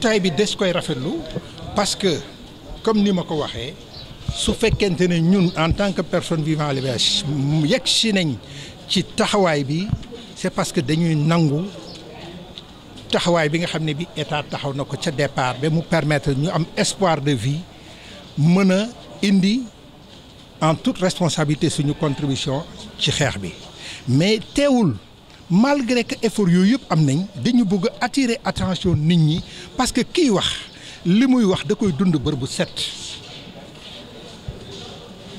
taxawaay bi des koy rafetlu parce que comme ni ma ko waxee su fekkente ne ñun en tant que personne vivant à l'UVH yegg si nañ ci taxawaay bi c'est parce que dañuy nangu taxawaay bi nga xam ne bi état taxaw na ko ca départ ba mu permettre ñu am espoir de vie mën a indi en toute responsabilité suñu contribution ci xeex bi mais teewul. malgré que effort yooyu yëpp am nañ dañu bëgg a attirer attention nit ñi parce que kiy wax li muy wax da koy dund bër bu set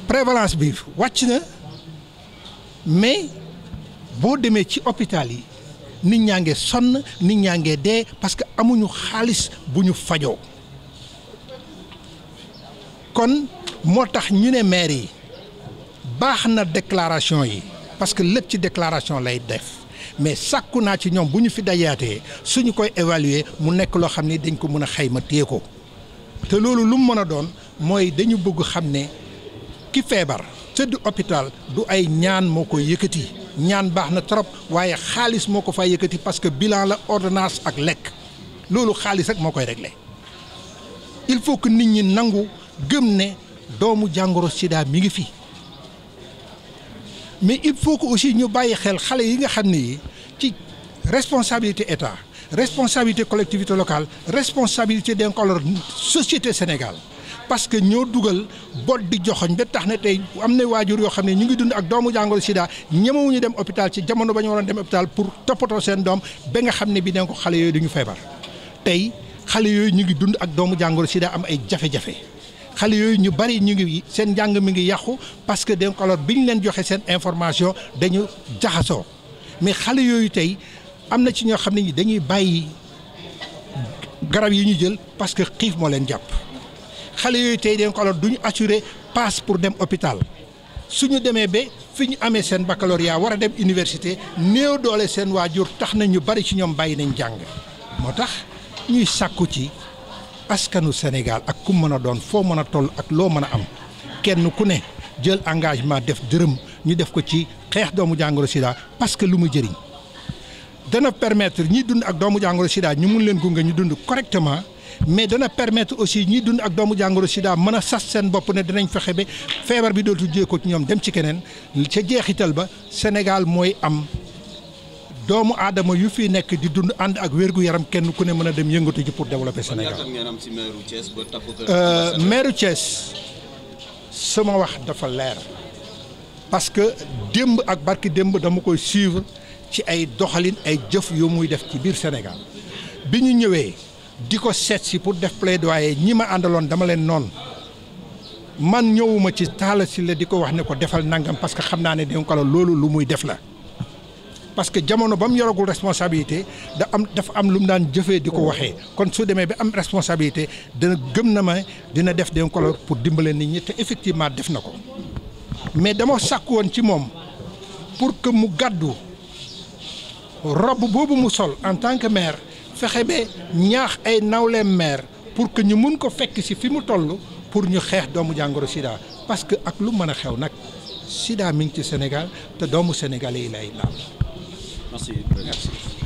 prévalence bi wàcc na mais boo demee ci hôpital yi nit ñaa ngi sonn nit ñaa ngi dee parce que amuñu xaalis bu ñu fajoo kon moo tax ñu ne maire yi baax na déclaration yi parce que lépp ci déclaration lay def mais sàkku naa ci ñoom bu ñu fi dajaatee suñu koy évaluer mu nekk loo xam ne dañ ko mën a xayma téye ko te loolu lu mu mën a doon mooy dañu bëgg xam ne ki feebar tëdd hôpital du ay ñaan moo koy yëkkati ñaan baax na trop waaye xaalis moo ko faa yëkkati parce que bilan la ordonnance ak lekk loolu xaalis rek moo koy régler il faut que nit ñi nangu gëm ne doomu jàngoro sida mi ngi fi. mais il faut que aussi ñu bàyyi xel xale yi nga xam ne yi ci responsabilité état responsabilité collectivité locale responsabilité d'un color société Sénégal parce que ñoo dugal boot di joxoñ ba tax na tey am na waajur yoo xam ne ñu ngi dund ak doomu jàngoro sida ñemewuñu dem hôpital ci jamono ba ñu waroon dem hôpital pour toppatoo seen doom ba nga xam ne bi den ko xale yooyu dañu feebar tey xale yooyu ñu ngi dund ak doomu jàngoro sida am ay jafe-jafe xale yooyu ñu bari ñu ngi seen njàng mi ngi yàqu parce que donc alors bi ñu leen joxe seen information dañu jaxasoo mais xale yooyu tey am na ci ñoo xam ne ñi dañuy bàyyi garab yi ñu jël parce que xiif moo leen jàpp xale yooyu tey donc du ñu assurer passe pour dem su ñu demee ba fi ñu amee seen baccalauréat war a dem université néew doole seen waajur tax na ñu bari ci ñoom bàyyi nañ jàng moo tax ñuy sàkku ci. askanu Sénégal ak ku mën a doon foo mën a toll ak loo mën a am kenn ku ne jël engagement def dërëm ñu def ko ci xeex doomu jàngoro sida parce que lu mu jëriñ dana permettre ñi dund ak doomu jàngoro sida ñu mun leen gunge ñu dund correctement mais dana permettre aussi ñi dund ak doomu jàngoro sida mën a sas seen bopp ne dinañ fexe ba feebar bi dootul jiyee ko ci ñoom dem ci keneen ca jeexital ba Sénégal mooy am. doomu aadama yu fi nekk di dund ànd ak wérgu yaram kenn ku ne mën a dem yëngatu ji pour développer Sénégal meeru euh, Thiès sama wax dafa leer parce que démb ak barki démb dama koy suivre ci ay doxalin ay jëf yu muy def ci biir Sénégal bi ñu ñëwee di ko seet si pour def plaidoyer ñi ma àndaloon dama leen noonu man ñëwuma ci taala si la di ko wax ne ko defal nangam parce que xam naa ne danga ko la loolu lu muy def la parce que jamono ba mu yoragul responsabilité da am dafa am lu mu daan jëfee di ko waxee kon su demee ba am responsabilité dana gëm na ma dina def déncolore pour dimbale nit ñi te effectivement def na ko mais dama sàkku woon ci moom pour que mu gàddu robe boobu mu sol en tant que maire fexe ba ñaax ay nawleem maire pour que ñu mun ko fekk si fi mu toll pour ñu xeex doomu jàngoro sida parce que ak lu mën a xew nag sida mi ngi ci Sénégal te doomu sénégalais yi lay laal. Merci. Merci.